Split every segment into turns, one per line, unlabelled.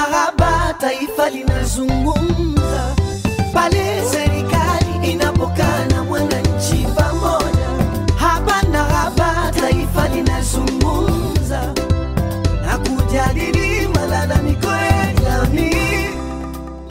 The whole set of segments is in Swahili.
Marahaba, taifa linazungumza pale serikali inapokaa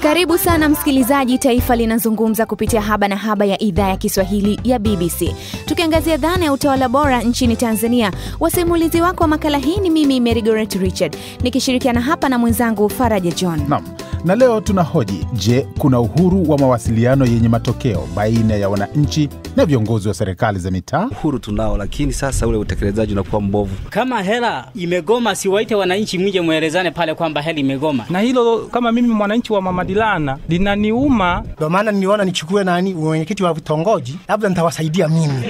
Karibu sana msikilizaji, Taifa Linazungumza kupitia Haba na Haba ya idhaa ya Kiswahili ya BBC, tukiangazia dhana ya utawala bora nchini Tanzania. Wasimulizi wako wa makala hii ni mimi Merigoret Richard, nikishirikiana hapa na mwenzangu Faraja John
nam na leo tunahoji: je, kuna uhuru wa mawasiliano yenye matokeo baina ya wananchi na viongozi wa serikali za mitaa?
Uhuru tunao, lakini sasa ule utekelezaji unakuwa mbovu.
Kama hela imegoma, siwaite wananchi mwije mwelezane pale kwamba hela imegoma,
na hilo kama mimi mwananchi wa Mamadilana linaniuma.
Ndio maana niliona nichukue nani mwenyekiti wa vitongoji, labda nitawasaidia mimi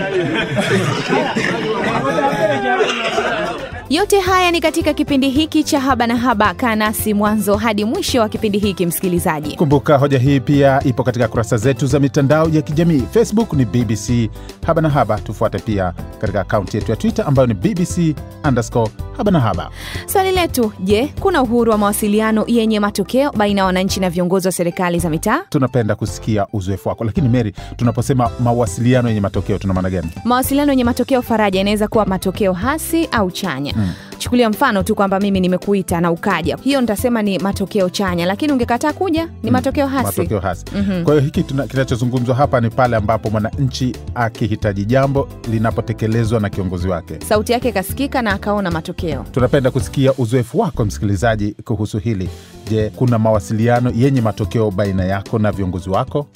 Yote haya ni katika kipindi hiki cha Haba na Haba. Kaa nasi mwanzo hadi mwisho wa kipindi hiki, msikilizaji.
Kumbuka hoja hii pia ipo katika kurasa zetu za mitandao ya kijamii. Facebook ni BBC Haba na Haba, tufuate pia katika akaunti yetu ya Twitter ambayo ni BBC underscore haba na haba.
Swali letu, je, kuna uhuru wa mawasiliano yenye matokeo baina ya wananchi na viongozi wa serikali za mitaa?
Tunapenda kusikia uzoefu wako, lakini Mary, tunaposema mawasiliano yenye matokeo tuna maana gani?
Mawasiliano yenye matokeo, Faraja, inaweza kuwa matokeo hasi au chanya mm. Chukulia mfano tu kwamba mimi nimekuita na ukaja, hiyo nitasema ni matokeo chanya, lakini ungekataa kuja ni matokeo mm. matokeo
hasi, hasi. Mm-hmm. Kwa hiyo hiki kinachozungumzwa hapa ni pale ambapo mwananchi akihitaji jambo linapotekelezwa na kiongozi wake,
sauti yake ikasikika na akaona matokeo.
Tunapenda kusikia uzoefu wako msikilizaji kuhusu hili. Je, kuna mawasiliano yenye matokeo baina yako na viongozi wako?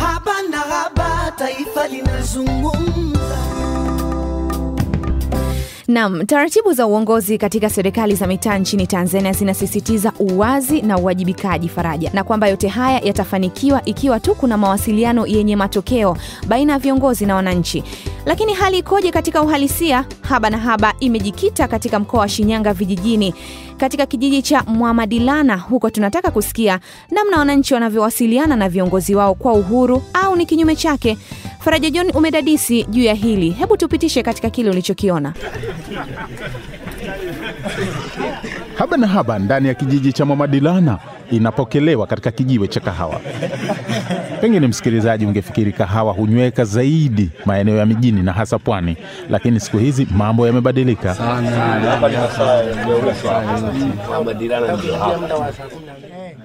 hapa na haba, taifa
linazungumza Naam, taratibu za uongozi katika serikali za mitaa nchini Tanzania zinasisitiza uwazi na uwajibikaji, Faraja, na kwamba yote haya yatafanikiwa ikiwa tu kuna mawasiliano yenye matokeo baina ya viongozi na wananchi. Lakini hali ikoje katika uhalisia? Haba na Haba imejikita katika mkoa wa Shinyanga vijijini, katika kijiji cha Mwamadilana. Huko tunataka kusikia namna wananchi wanavyowasiliana na viongozi wao kwa uhuru au ni kinyume chake. Faraja John umedadisi juu ya hili, hebu tupitishe katika kile ulichokiona.
Haba na haba ndani ya kijiji cha Mwamadilana inapokelewa katika kijiwe cha kahawa. Pengine msikilizaji, ungefikiri kahawa hunyweka zaidi maeneo ya mijini na hasa pwani, lakini siku hizi mambo yamebadilika.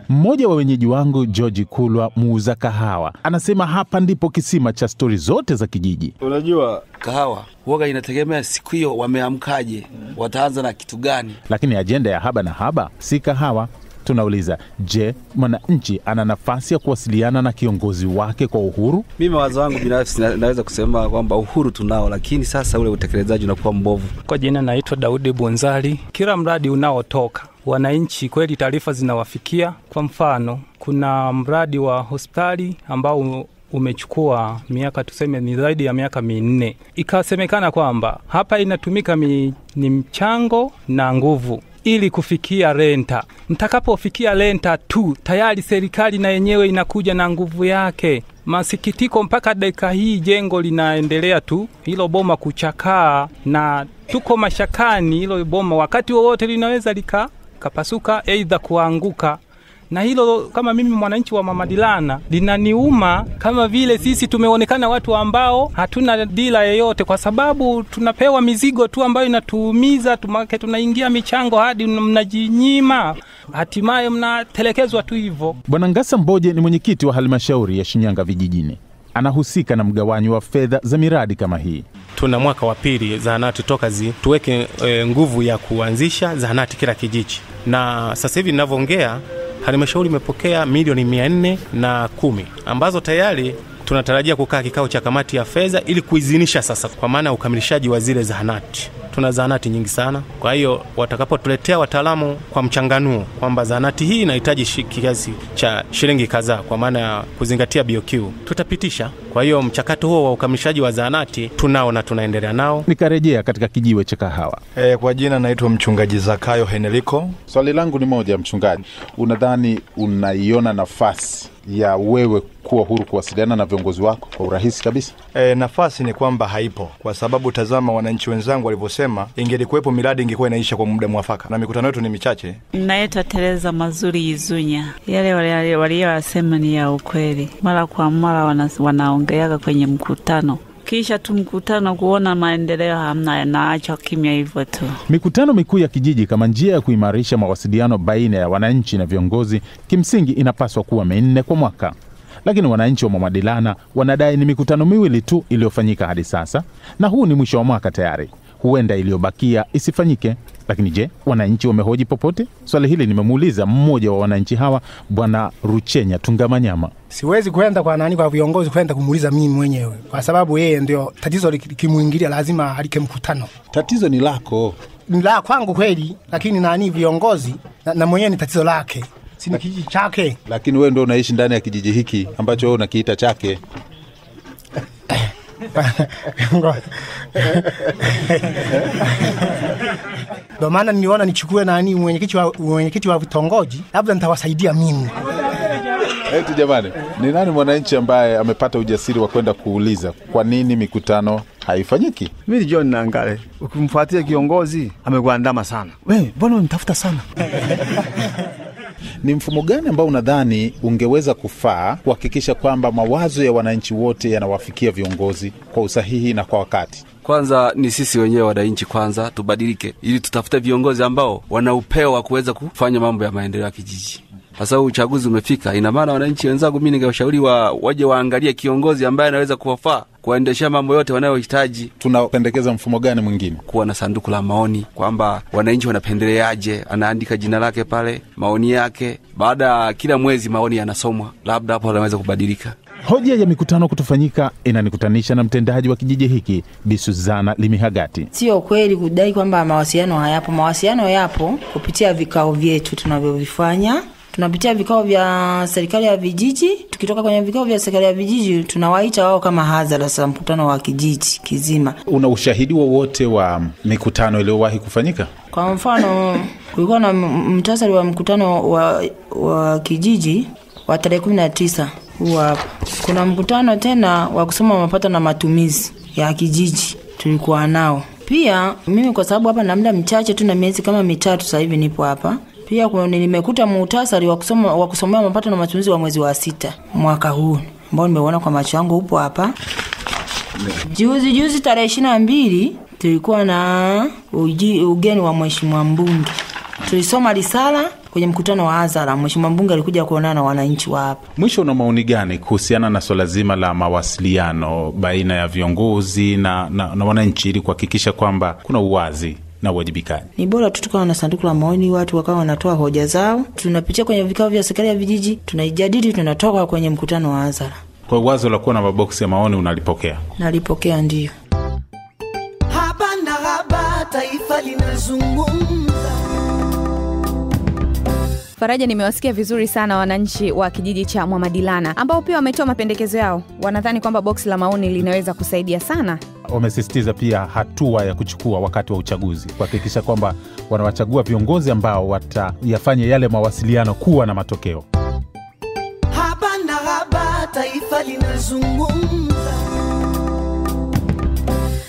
Mmoja wa wenyeji wangu George Kulwa, muuza kahawa, anasema hapa ndipo kisima cha stori zote za kijiji.
Unajua kahawa huoga, inategemea siku hiyo wameamkaje, wataanza na kitu gani.
Lakini ajenda ya Haba na Haba si kahawa tunauliza, je, mwananchi ana nafasi ya kuwasiliana na kiongozi wake kwa uhuru?
Mimi mawazo wangu binafsi naweza kusema kwamba uhuru tunao, lakini sasa ule utekelezaji unakuwa mbovu.
Kwa jina naitwa Daudi bunzari Kila mradi unaotoka wananchi kweli taarifa zinawafikia. Kwa mfano, kuna mradi wa hospitali ambao umechukua miaka tuseme ni zaidi ya miaka minne, ikasemekana kwamba hapa inatumika mi, ni mchango na nguvu ili kufikia renta. Mtakapofikia renta tu, tayari serikali na yenyewe inakuja na nguvu yake. Masikitiko, mpaka dakika hii jengo linaendelea tu hilo boma kuchakaa, na tuko mashakani, hilo boma wakati wowote linaweza lika kapasuka, aidha kuanguka na hilo kama mimi mwananchi wa Mamadilana linaniuma, kama vile sisi tumeonekana watu ambao hatuna dila yeyote, kwa sababu tunapewa mizigo tu ambayo inatuumiza tumake, tunaingia michango hadi mnajinyima, hatimaye mnatelekezwa tu hivyo.
Bwana Ngasa Mboje ni mwenyekiti wa halmashauri ya Shinyanga vijijini anahusika na mgawanyo wa fedha za miradi kama hii.
Tuna mwaka wa pili zahanati zi tuweke e, nguvu ya kuanzisha zahanati kila kijiji, na sasa hivi ninavyoongea Halmashauri imepokea milioni mia nne na kumi ambazo tayari tunatarajia kukaa kikao cha kamati ya fedha ili kuidhinisha sasa, kwa maana ya ukamilishaji wa zile zahanati tuna zahanati nyingi sana. Kwa hiyo watakapotuletea wataalamu kwa mchanganuo kwamba zahanati hii inahitaji kiasi cha shilingi kadhaa, kwa maana ya kuzingatia BOQ, tutapitisha. Kwa hiyo mchakato huo wa ukamilishaji wa zahanati tunao na tunaendelea nao.
Nikarejea katika kijiwe cha kahawa.
E, kwa jina naitwa mchungaji Zakayo heneliko
Swali langu ni moja, mchungaji, unadhani unaiona nafasi ya wewe kuwa huru kuwasiliana na viongozi wako kwa urahisi kabisa?
E, nafasi ni kwamba haipo, kwa sababu tazama wananchi wenzangu walivyosema, ingelikuwepo miradi ingekuwa inaisha kwa muda mwafaka,
na mikutano yetu ni michache.
Naitwa Tereza Mazuri Izunya. Yale waliyowasema ni ya ukweli, mara kwa mara wanaongeaga kwenye mkutano kisha tu mkutano kuona maendeleo hamna, naacha kimya hivyo tu.
Mikutano mikuu ya kijiji kama njia ya kuimarisha mawasiliano baina ya wananchi na viongozi, kimsingi inapaswa kuwa minne kwa mwaka lakini wananchi wa Mwamadilana wanadai ni mikutano miwili tu iliyofanyika hadi sasa, na huu ni mwisho wa mwaka tayari. Huenda iliyobakia isifanyike. Lakini je, wananchi wamehoji popote swali hili? Nimemuuliza mmoja wa wananchi hawa, Bwana Ruchenya Tungamanyama.
Siwezi kwenda kwa nani, kwa viongozi kwenda kumuuliza mimi mwenyewe, kwa sababu yeye ndio tatizo likimwingilia, lazima alike mkutano.
Tatizo ni lako,
ni la kwangu kweli, lakini nani viongozi na, na mwenyewe ni tatizo lake, si ni kijiji chake.
Lakini wewe ndio unaishi ndani ya kijiji hiki ambacho wewe unakiita chake
Ndo maana niliona nichukue nani mwenyekiti wa mwenyekiti wa vitongoji, labda nitawasaidia mimi.
Eti eh, jamani, ni nani mwananchi ambaye amepata ujasiri wa kwenda kuuliza kwa nini mikutano haifanyiki?
Mimi John Nangale, ukimfuatia kiongozi amekuandama sana. Wewe mbona unitafuta sana?
Ni mfumo gani ambao unadhani ungeweza kufaa kuhakikisha kwamba mawazo ya wananchi wote yanawafikia viongozi kwa usahihi na kwa wakati?
Kwanza ni sisi wenyewe wananchi, kwanza tubadilike, ili tutafute viongozi ambao wana upeo wa kuweza kufanya mambo ya maendeleo ya kijiji sababu uchaguzi umefika. Ina maana wananchi wenzangu, mimi ningewashauri wa, waje waangalie kiongozi ambaye anaweza kuwafaa kuwaendeshea mambo yote wanayohitaji.
Tunapendekeza mfumo gani mwingine?
Kuwa na sanduku la maoni, kwamba wananchi wanapendeleaje, anaandika jina lake pale, maoni yake, baada ya kila mwezi maoni yanasomwa, labda hapo anaweza kubadilika.
Hoja ya mikutano kutofanyika inanikutanisha na mtendaji wa kijiji hiki Bisuzana Limihagati.
Sio kweli kudai kwamba mawasiliano hayapo. Mawasiliano yapo kupitia vikao vyetu tunavyovifanya tunapitia vikao vya serikali ya vijiji. Tukitoka kwenye vikao vya serikali ya vijiji, tunawaita wao kama hadhara, sasa mkutano wa kijiji kizima.
Una ushahidi wowote wa, wa mikutano iliyowahi kufanyika?
Kwa mfano kulikuwa na mtasari wa mkutano wa, wa kijiji wa tarehe kumi na tisa huwa hapa. Kuna mkutano tena wa kusoma mapato na matumizi ya kijiji tulikuwa nao pia. Mimi kwa sababu hapa na muda mchache tu na miezi kama mitatu sasa hivi nipo hapa, pia nimekuta muhtasari wa kusoma wa kusomea mapato na matumizi wa mwezi wa sita mwaka huu ambao nimeona kwa macho yangu upo hapa. Juzi juzi tarehe ishirini na mbili tulikuwa na uji, ugeni wa mheshimiwa mbunge, tulisoma risala kwenye mkutano wa hadhara. Mheshimiwa mbunge alikuja kuonana na wananchi wa hapa.
Mwisho, una maoni gani kuhusiana na swala zima la mawasiliano baina ya viongozi na, na, na wananchi ili kuhakikisha kwamba kuna uwazi na uwajibikaji.
Ni bora tu tukawa na sanduku la maoni, watu wakawa wanatoa hoja zao, tunapitia kwenye vikao vya serikali ya vijiji, tunaijadili, tunatoka kwenye mkutano wa hadhara.
Kwa wazo la kuwa na maboksi ya maoni unalipokea?
Nalipokea, ndiyo. Haba na haba, taifa
linazungumza. Faraja, nimewasikia vizuri sana wananchi wa kijiji cha Mwamadilana ambao pia wametoa mapendekezo yao. Wanadhani kwamba boksi la maoni linaweza kusaidia sana
wamesisitiza pia hatua ya kuchukua wakati wa uchaguzi kuhakikisha kwamba wanawachagua viongozi ambao watayafanye yale mawasiliano kuwa na matokeo. Haba na haba, taifa
linazungumza.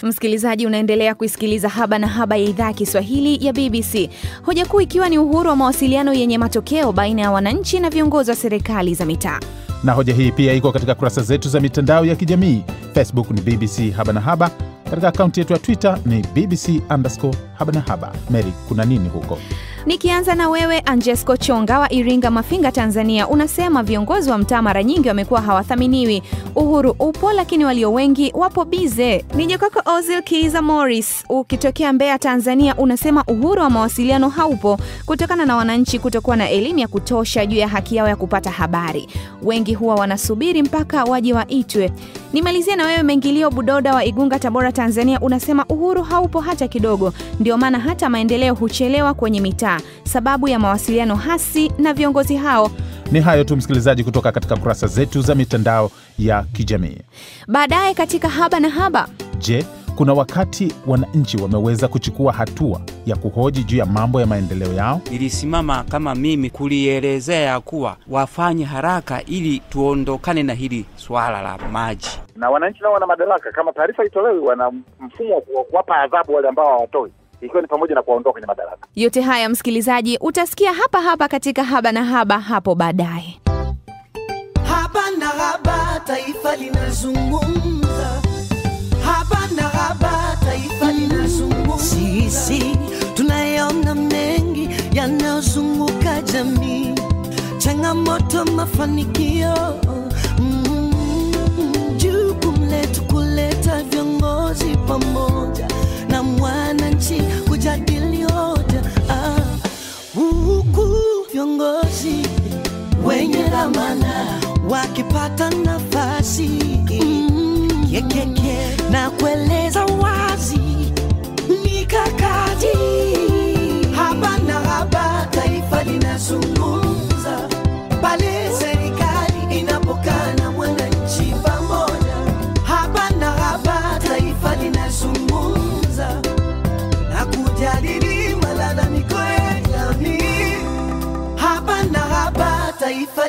Msikilizaji, unaendelea kuisikiliza Haba na Haba ya idhaa ya Kiswahili ya BBC, hoja kuu ikiwa ni uhuru wa mawasiliano yenye matokeo baina ya wananchi na viongozi wa serikali za mitaa.
Na hoja hii pia iko katika kurasa zetu za mitandao ya kijamii. Facebook ni BBC Haba na Haba, katika akaunti yetu ya Twitter ni BBC underscore Haba na Haba. Mary, kuna nini huko?
Nikianza na wewe Angesco Chonga wa Iringa Mafinga, Tanzania, unasema viongozi wa mtaa mara nyingi wamekuwa hawathaminiwi. Uhuru upo lakini walio wengi wapo bize. Nije kwako Ozil Kiza Morris ukitokea Mbeya, Tanzania, unasema uhuru wa mawasiliano haupo kutokana na wananchi kutokuwa na elimu ya kutosha juu ya haki yao ya kupata habari. Wengi huwa wanasubiri mpaka waje waitwe. Nimalizia na wewe Mengilio Budoda wa Igunga, Tabora, Tanzania, unasema uhuru haupo hata kidogo, ndio maana hata maendeleo huchelewa kwenye mitaa kadhaa sababu ya mawasiliano hasi na viongozi hao.
Ni hayo tu msikilizaji, kutoka katika kurasa zetu za mitandao ya kijamii.
Baadaye katika haba na haba,
je, kuna wakati wananchi wameweza kuchukua hatua ya kuhoji juu ya mambo ya maendeleo yao?
ilisimama kama mimi kulielezea kuwa wafanye haraka ili tuondokane na hili swala la maji,
na wananchi nao wana madaraka. Kama taarifa itolewi, wana mfumo wa kuwapa adhabu wale ambao hawatoi ikiwa ni pamoja na kuwaondoa kwenye madaraka.
Yote haya msikilizaji, utasikia hapa hapa katika Haba na Haba hapo baadaye. Haba na Haba, taifa linazungumza. Haba na Haba, taifa linazungumza. Sisi tunayaona mengi yanayozunguka jamii, changamoto, mafanikio mm, jukumu letu kuleta viongozi pamoja mwananchi kujadili yote ah, huku viongozi wenye dhamana wakipata nafasi mm, kekeke na kueleza wazi mikakati haba na haba, taifa linazungumza bali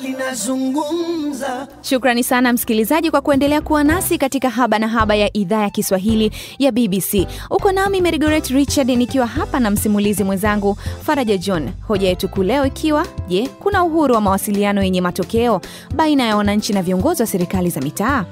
linazungumza. Shukrani sana msikilizaji kwa kuendelea kuwa nasi katika Haba na Haba ya idhaa ya Kiswahili ya BBC. Uko nami Merigoret Richard nikiwa hapa na msimulizi mwenzangu Faraja John. Hoja yetu kuu leo ikiwa je, kuna uhuru wa mawasiliano yenye matokeo baina ya wananchi na viongozi wa serikali za mitaa?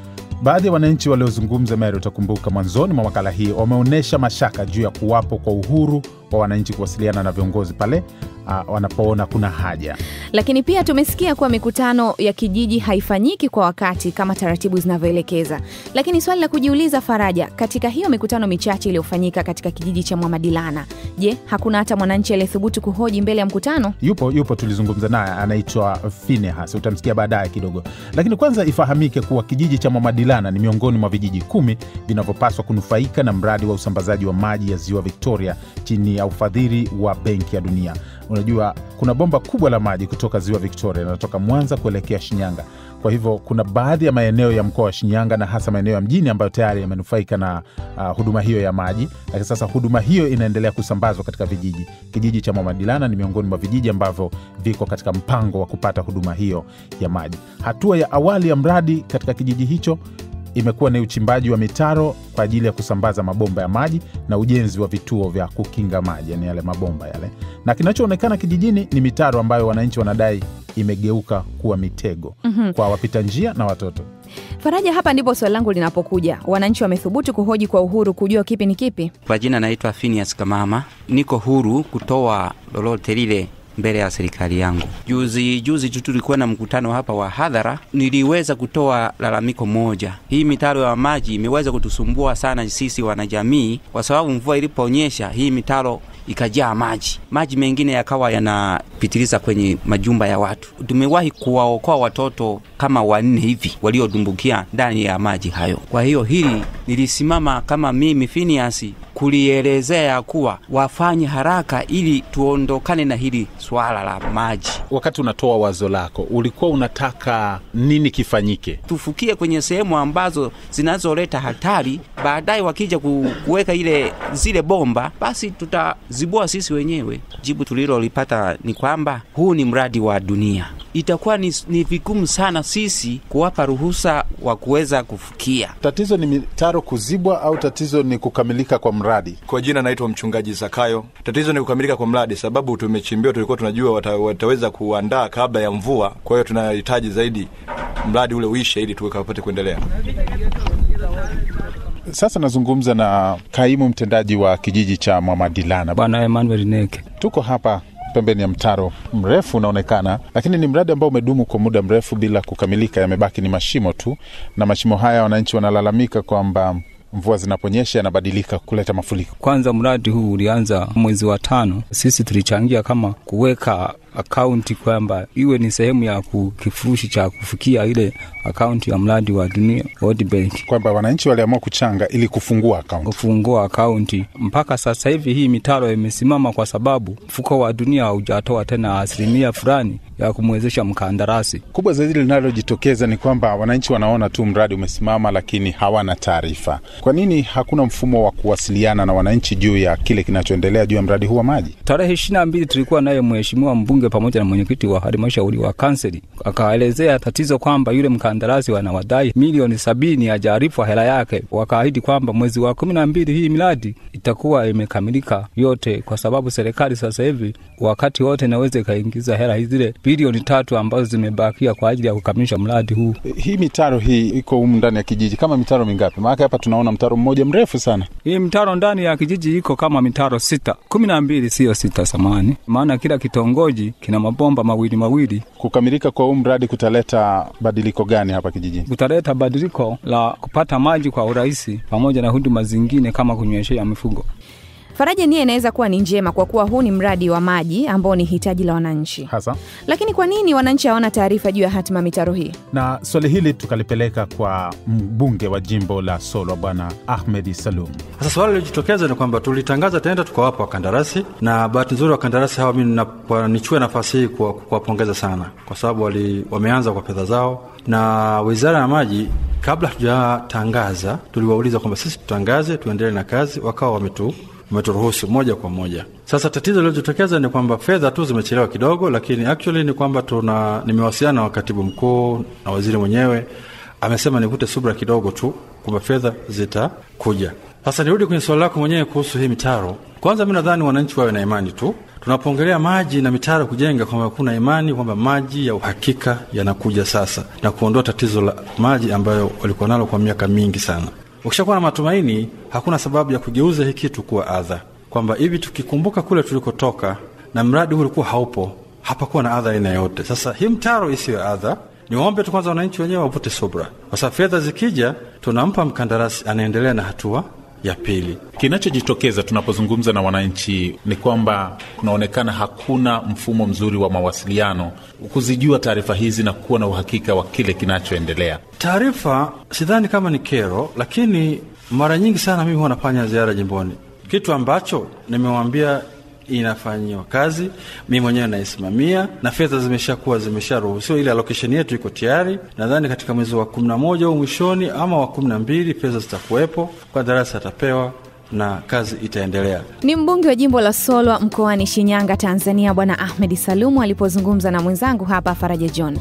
Baadhi ya wananchi waliozungumza, Mary, utakumbuka mwanzoni mwa makala hii, wameonyesha mashaka juu ya kuwapo kwa uhuru wa wananchi kuwasiliana na viongozi pale uh, wanapoona kuna haja.
Lakini pia tumesikia kuwa mikutano ya kijiji haifanyiki kwa wakati kama taratibu zinavyoelekeza. Lakini swali la kujiuliza, Faraja, katika hiyo mikutano michache iliyofanyika katika kijiji cha Mwamadilana, je, hakuna hata mwananchi aliyethubutu kuhoji mbele ya mkutano?
Yupo, yupo, tulizungumza naye, anaitwa Finehas, utamsikia baadaye kidogo. Lakini kwanza ifahamike kuwa kijiji cha Mwamadilana ni miongoni mwa vijiji kumi vinavyopaswa kunufaika na mradi wa usambazaji wa maji ya ziwa Victoria chini ya ufadhili wa Benki ya Dunia unajua kuna bomba kubwa la maji kutoka ziwa Victoria inatoka Mwanza kuelekea Shinyanga. Kwa hivyo kuna baadhi ya maeneo ya mkoa wa Shinyanga na hasa maeneo ya mjini ambayo tayari yamenufaika na uh, huduma hiyo ya maji, lakini sasa huduma hiyo inaendelea kusambazwa katika vijiji. Kijiji cha Mwamadilana ni miongoni mwa vijiji ambavyo viko katika mpango wa kupata huduma hiyo ya maji. Hatua ya awali ya mradi katika kijiji hicho imekuwa ni uchimbaji wa mitaro kwa ajili ya kusambaza mabomba ya maji na ujenzi wa vituo vya kukinga maji, yani yale mabomba yale, na kinachoonekana kijijini ni mitaro ambayo wananchi wanadai imegeuka kuwa mitego mm -hmm. kwa wapita njia na watoto.
Faraja, hapa ndipo swali langu linapokuja. Wananchi wamethubutu kuhoji kwa uhuru kujua kipi ni kipi.
Kwa jina naitwa Phineas Kamama, niko huru kutoa lolote lile mbele ya serikali yangu. Juzi juzi tu tulikuwa na mkutano hapa wa hadhara, niliweza kutoa lalamiko moja. Hii mitaro ya maji imeweza kutusumbua sana sisi wanajamii, kwa sababu mvua iliponyesha hii mitaro ikajaa maji, maji mengine yakawa yanapitiliza kwenye majumba ya watu. Tumewahi kuwaokoa watoto kama wanne hivi waliodumbukia ndani ya maji hayo. Kwa hiyo hili nilisimama kama mimi Finiasi kulielezea kuwa wafanye haraka ili tuondokane na hili swala la maji.
Wakati unatoa wazo lako, ulikuwa unataka nini kifanyike?
Tufukie kwenye sehemu ambazo zinazoleta hatari, baadaye wakija kuweka ile zile bomba, basi tutazibua sisi wenyewe. Jibu tulilolipata ni kwamba huu ni mradi wa dunia itakuwa ni, ni vigumu sana sisi kuwapa ruhusa wa kuweza kufukia.
Tatizo ni mitaro kuzibwa au tatizo ni kukamilika kwa mradi?
Kwa jina naitwa mchungaji Zakayo. Tatizo ni kukamilika kwa mradi, sababu tumechimbiwa, tulikuwa tunajua wata, wataweza kuandaa kabla ya mvua, kwa hiyo tunahitaji zaidi mradi ule uishe ili tukapate kuendelea.
Sasa nazungumza na kaimu mtendaji wa kijiji cha Mwamadilana,
Bwana Emmanuel Neke.
Tuko hapa pembeni ya mtaro mrefu unaonekana, lakini ni mradi ambao umedumu kwa muda mrefu bila kukamilika, yamebaki ni mashimo tu. Na mashimo haya wananchi wanalalamika kwamba mvua zinaponyesha yanabadilika kuleta mafuriko.
Kwanza mradi huu ulianza mwezi wa tano, sisi tulichangia kama kuweka akaunti kwamba iwe ni sehemu ya kifurushi cha kufikia ile akaunti ya mradi wa Dunia World Bank,
kwamba wananchi waliamua kuchanga ili kufungua akaunti,
kufungua akaunti. Mpaka sasa hivi hii mitaro imesimama kwa sababu mfuko wa dunia haujatoa tena asilimia fulani ya kumwezesha mkandarasi.
Kubwa zaidi linalojitokeza ni kwamba wananchi wanaona tu mradi umesimama, lakini hawana taarifa. Kwa nini hakuna mfumo wa kuwasiliana na wananchi juu ya kile kinachoendelea juu ya mradi huu wa maji?
Tarehe ishirini na mbili tulikuwa naye mheshimiwa mbunge mbunge pamoja na mwenyekiti wa halmashauri wa kanseli, akaelezea tatizo kwamba yule mkandarasi wanawadai milioni sabini ajaarifu hela yake, wakaahidi kwamba mwezi wa kumi na mbili hii miradi itakuwa imekamilika yote, kwa sababu serikali sasa hivi wakati wote inaweza ikaingiza hela zile bilioni tatu ambazo zimebakia kwa ajili ya kukamilisha mradi huu.
Eh, hii mitaro hii iko humu ndani ya kijiji kama mitaro mingapi? Maanake hapa tunaona mtaro mmoja mrefu sana.
Hii mtaro ndani ya kijiji iko kama mitaro sita, kumi na mbili, siyo sita, samani, maana kila kitongoji kina mabomba mawili mawili.
Kukamilika kwa huu mradi kutaleta badiliko gani hapa kijijini?
Kutaleta badiliko la kupata maji kwa urahisi pamoja na huduma zingine kama kunyweshea mifugo.
Faraja nia inaweza kuwa ni njema kwa kuwa huu ni mradi wa maji ambao ni hitaji la wananchi hasa. Lakini kwa nini wananchi hawana taarifa juu ya hatima mitaro hii?
Na swali hili tukalipeleka kwa mbunge wa jimbo la Solwa Bwana Ahmed Salum.
Sasa swali lilojitokeza ni kwamba tulitangaza tenda, tukawapa wakandarasi, na bahati nzuri wakandarasi hawa, mimi nichue nafasi hii kuwapongeza sana, kwa sababu wameanza kwa fedha zao, na wizara ya maji kabla hatujatangaza tuliwauliza kwamba sisi tutangaze, tuendelee na kazi, wakawa wametu umeturuhusu moja kwa moja. Sasa tatizo lililojitokeza ni kwamba fedha tu zimechelewa kidogo, lakini actually ni kwamba tuna, nimewasiliana na katibu mkuu na waziri mwenyewe amesema nikute subra kidogo tu kwamba fedha zitakuja. Sasa nirudi kwenye swali lako mwenyewe kuhusu hii mitaro. Kwanza mi nadhani wananchi wawe na imani tu, tunapoongelea maji na mitaro kujenga, kwamba kuna imani kwamba maji ya uhakika yanakuja sasa na kuondoa tatizo la maji ambayo walikuwa nalo kwa miaka mingi sana. Ukishakuwa na matumaini, hakuna sababu ya kugeuza hii kitu kuwa adha, kwamba hivi tukikumbuka kule tulikotoka na mradi huu ulikuwa haupo, hapakuwa na adha aina yote. Sasa hii mtaro isiyo adha Niwaombe tu kwanza wananchi wenyewe wavute subra, kwa sababu fedha zikija, tunampa mkandarasi, anaendelea na hatua ya pili.
Kinachojitokeza tunapozungumza na wananchi ni kwamba kunaonekana hakuna mfumo mzuri wa mawasiliano kuzijua taarifa hizi na kuwa na uhakika wa kile kinachoendelea.
Taarifa sidhani kama ni kero, lakini mara nyingi sana mimi huwa nafanya ziara jimboni, kitu ambacho nimewambia inafanyiwa kazi, mi mwenyewe naisimamia na fedha zimeshakuwa zimesharuhusiwa, ile alokesheni yetu iko tayari. Nadhani katika mwezi wa kumi na moja au mwishoni ama wa kumi na mbili pesa zitakuwepo, kwa darasa atapewa na kazi itaendelea.
Ni mbunge wa jimbo la Solwa mkoani Shinyanga, Tanzania, Bwana Ahmed Salumu alipozungumza na mwenzangu hapa Faraja John.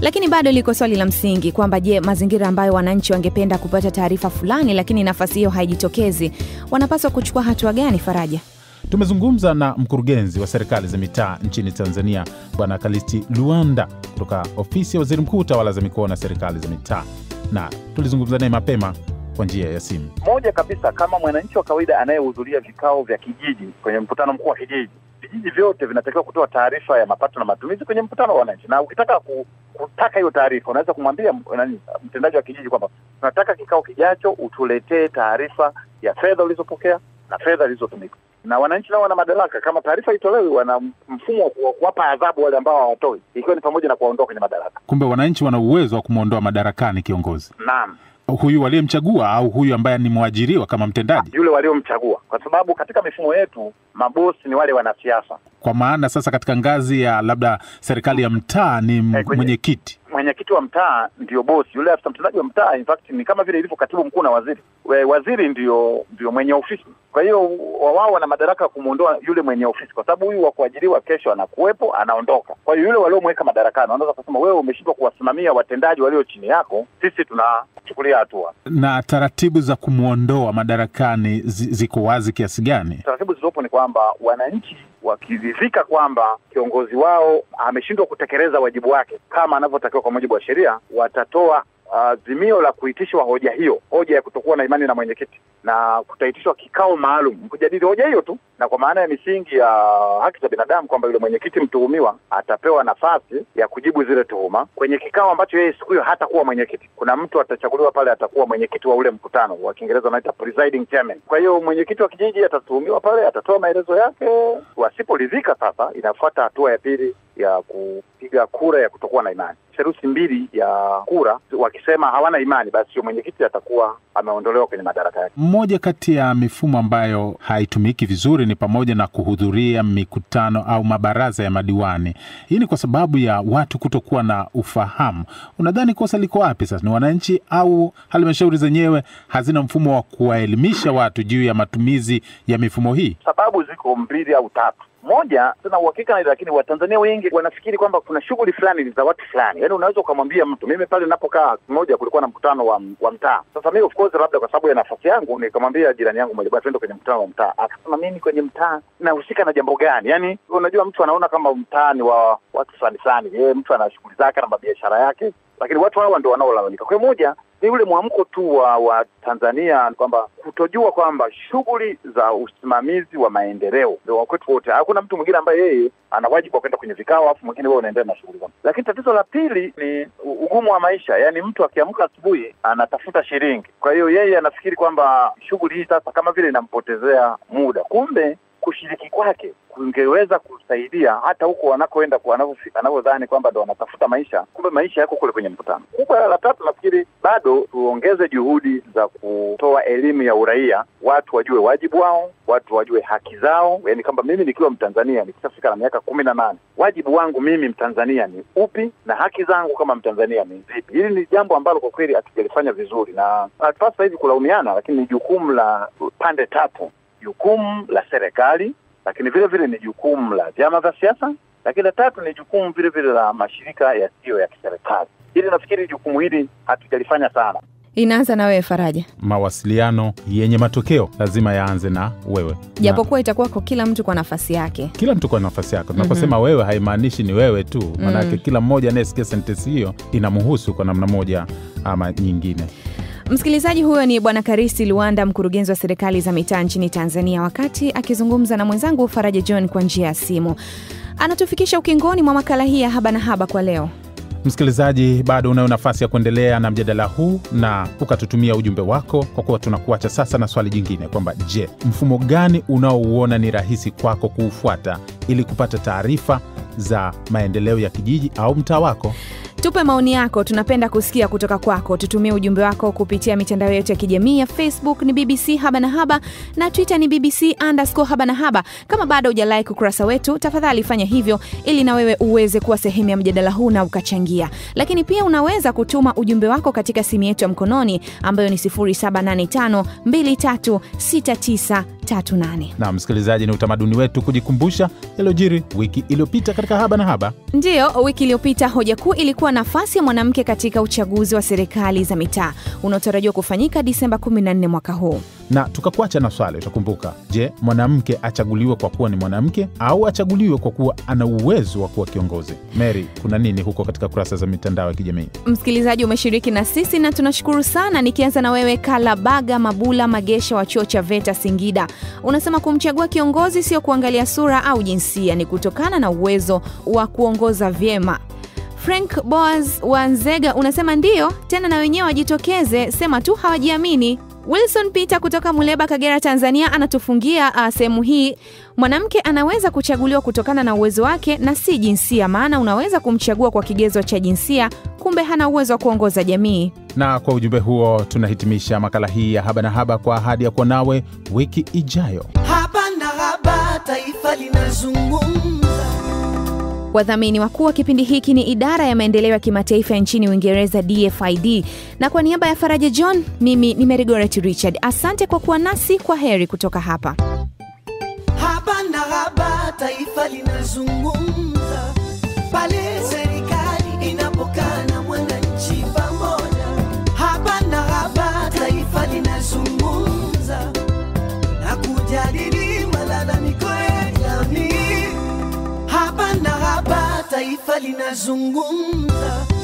Lakini bado liko swali la msingi kwamba je, mazingira ambayo wananchi wangependa kupata taarifa fulani, lakini nafasi hiyo haijitokezi, wanapaswa kuchukua hatua gani? Faraja.
Tumezungumza na mkurugenzi wa serikali za mitaa nchini Tanzania, Bwana Kalisti Luanda kutoka ofisi ya waziri mkuu, tawala za mikoa na serikali za mitaa, na tulizungumza naye mapema kwa njia ya simu.
Moja kabisa, kama mwananchi wa kawaida anayehudhuria vikao vya kijiji kwenye mkutano mkuu wa kijiji, vijiji vyote vinatakiwa kutoa taarifa ya mapato na matumizi kwenye mkutano wa wananchi, na ukitaka ku, kutaka hiyo taarifa unaweza kumwambia mtendaji wa kijiji kwamba tunataka kikao kijacho utuletee taarifa ya fedha ulizopokea na fedha zilizotumika, na wananchi nao wana madaraka. Kama taarifa itolewi, wana mfumo wa kuwapa adhabu wale ambao hawatoi, ikiwa ni pamoja na kuwaondoa kwenye madaraka.
Kumbe wananchi wana uwezo wa kumwondoa madarakani kiongozi. Naam, huyu waliyemchagua au huyu ambaye ni mwajiriwa kama mtendaji
yule waliomchagua, kwa sababu katika mifumo yetu mabosi ni wale wanasiasa.
Kwa maana sasa katika ngazi ya labda serikali ya mtaa ni eh, mwenyekiti
mwenyekiti wa mtaa ndio bosi, yule afisa mtendaji wa mtaa in fact ni kama vile ilivyo katibu mkuu na waziri. We, waziri ndio ndio mwenye ofisi, kwa hiyo wao wana madaraka ya kumwondoa yule mwenye ofisi, kwa sababu huyu wa kuajiriwa kesho anakuwepo, anaondoka. Kwa hiyo yule waliomweka madarakani wanaweza kusema wewe umeshindwa kuwasimamia watendaji walio chini yako, sisi tunachukulia hatua.
Na taratibu za kumwondoa madarakani ziko wazi kiasi gani?
Taratibu zilizopo ni kwamba wananchi wakizizika kwamba kiongozi wao ameshindwa kutekeleza wajibu wake kama anavyotakiwa kwa mujibu wa sheria, watatoa azimio uh, la kuitishwa hoja hiyo, hoja ya kutokuwa na imani na mwenyekiti, na kutaitishwa kikao maalum kujadili hoja hiyo tu, na kwa maana ya misingi ya haki za binadamu kwamba yule mwenyekiti mtuhumiwa atapewa nafasi ya kujibu zile tuhuma kwenye kikao ambacho yeye siku hiyo hatakuwa mwenyekiti. Kuna mtu atachaguliwa pale, atakuwa mwenyekiti wa ule mkutano, wa Kiingereza unaita presiding chairman. Kwa hiyo mwenyekiti wa kijiji atatuhumiwa pale, atatoa maelezo yake. Wasiporidhika, sasa inafuata hatua ya pili ya ku kupiga kura ya kutokuwa na imani, serusi mbili ya kura. Wakisema hawana imani, basi mwenyekiti atakuwa ameondolewa kwenye madaraka yake.
Mmoja kati ya mifumo ambayo haitumiki vizuri ni pamoja na kuhudhuria mikutano au mabaraza ya madiwani. Hii ni kwa sababu ya watu kutokuwa na ufahamu. Unadhani kosa liko wapi? Sasa ni wananchi au halmashauri zenyewe hazina mfumo wa kuwaelimisha watu juu ya matumizi ya mifumo hii?
Sababu ziko mbili au tatu. Moja, tuna uhakika na lakini Watanzania wengi wanafikiri kwamba kuna shughuli fulani za watu fulani, yaani unaweza ukamwambia mtu. Mimi pale ninapokaa moja, kulikuwa na mkutano wa, wa mtaa. Sasa mimi of course, labda kwa sababu ya nafasi yangu, nikamwambia jirani yangu moja, bwana, kwenye mkutano wa mtaa. Akasema mimi kwenye mtaa nahusika na jambo gani? Yaani unajua mtu anaona kama mtaa ni wa watu fulani fulani, yeye mtu ana shughuli zake na mabiashara yake, lakini watu hawa ndio wanaolalamika. Kwa hiyo moja ni ule mwamko tu wa, wa Tanzania kwamba kutojua kwamba shughuli za usimamizi wa maendeleo ndio wakwetu wote. Hakuna mtu mwingine ambaye yeye ana wajibu wa kwenda kwenye vikao, afu mwingine wewe unaendelea na shughuli zako. Lakini tatizo la pili ni ugumu wa maisha, yaani mtu akiamka asubuhi anatafuta shilingi, kwa hiyo yeye anafikiri kwamba shughuli hii sasa kama vile inampotezea muda, kumbe kushiriki kwake kungeweza kusaidia hata huko wanakoenda anavyodhani kwamba ndo wanatafuta maisha, kumbe maisha yako kule kwenye mkutano. Kubwa la tatu, nafikiri bado tuongeze juhudi za kutoa elimu ya uraia, watu wajue wajibu wao, watu wajue haki zao, yani kwamba mimi nikiwa Mtanzania nikishafika na miaka kumi na nane wajibu wangu mimi Mtanzania ni upi na haki zangu kama Mtanzania ni zipi. Hili ni jambo ambalo kwa kweli hatujalifanya vizuri, na hatupasa hivi kulaumiana, lakini ni jukumu la pande tatu jukumu la serikali, lakini vile vile ni jukumu la vyama vya siasa, lakini la tatu ni jukumu vile vile la mashirika yasiyo ya kiserikali. Hili nafikiri jukumu hili hatujalifanya sana.
Inaanza na wewe Faraja.
Mawasiliano yenye matokeo lazima yaanze na wewe,
japokuwa itakuwa kwa kila mtu kwa nafasi yake,
kila mtu kwa nafasi yake. Mhm. Tunaposema mm -hmm. wewe haimaanishi ni wewe tu, maanake mm -hmm. kila mmoja anayesikia sentensi hiyo inamhusu kwa namna moja ama nyingine.
Msikilizaji huyo ni Bwana Karisi Luanda, mkurugenzi wa serikali za mitaa nchini Tanzania, wakati akizungumza na mwenzangu Faraja John kwa njia ya simu. Anatufikisha ukingoni mwa makala hii ya Haba na Haba kwa leo.
Msikilizaji, bado unayo nafasi ya kuendelea na mjadala huu na ukatutumia ujumbe wako, kwa kuwa tunakuacha sasa na swali jingine kwamba je, mfumo gani unaouona ni rahisi kwako kuufuata ili kupata taarifa za maendeleo ya kijiji au mtaa wako?
Tupe maoni yako, tunapenda kusikia kutoka kwako. Tutumie ujumbe wako kupitia mitandao yetu ya kijamii ya Facebook ni BBC Haba na Haba na Twitter ni BBC underscore Haba na Haba. Kama bado hujalike ukurasa wetu, tafadhali fanya hivyo ili na wewe uweze kuwa sehemu ya mjadala huu na ukachangia. Lakini pia unaweza kutuma ujumbe wako katika simu yetu ya mkononi ambayo ni 0785236938.
Na msikilizaji, ni utamaduni wetu kujikumbusha yaliyojiri wiki iliyopita katika Haba na Haba.
Ndiyo, wiki iliyopita hoja kuu ilikuwa wa nafasi ya mwanamke katika uchaguzi wa serikali za mitaa unaotarajiwa kufanyika Disemba 14 mwaka huu.
Na tukakuacha na swali, utakumbuka. Je, mwanamke achaguliwe kwa kuwa ni mwanamke au achaguliwe kwa kuwa ana uwezo wa kuwa kiongozi? Mary, kuna nini huko katika kurasa za mitandao ya kijamii?
Msikilizaji, umeshiriki na sisi na tunashukuru sana, nikianza na wewe Kalabaga Mabula Magesha wa chuo cha VETA Singida. Unasema kumchagua kiongozi sio kuangalia sura au jinsia, ni kutokana na uwezo wa kuongoza vyema. Frank Boas wa Nzega unasema ndiyo, tena na wenyewe wajitokeze, sema tu hawajiamini. Wilson Peter kutoka Muleba, Kagera, Tanzania anatufungia ah, sehemu hii. Mwanamke anaweza kuchaguliwa kutokana na uwezo wake na si jinsia, maana unaweza kumchagua kwa kigezo cha jinsia, kumbe hana uwezo wa kuongoza jamii.
Na kwa ujumbe huo tunahitimisha makala hii ya Haba na Haba kwa ahadi ya kuwa nawe wiki ijayo. Haba na Haba, taifa
linazungumza Wadhamini wakuu wa kipindi hiki ni idara ya maendeleo ya kimataifa nchini Uingereza, DFID, na kwa niaba ya Faraja John, mimi ni Merigoret Richard. Asante kwa kuwa nasi, kwa heri kutoka hapa. Haba na haba, taifa linazungumza pale serikali linazungumza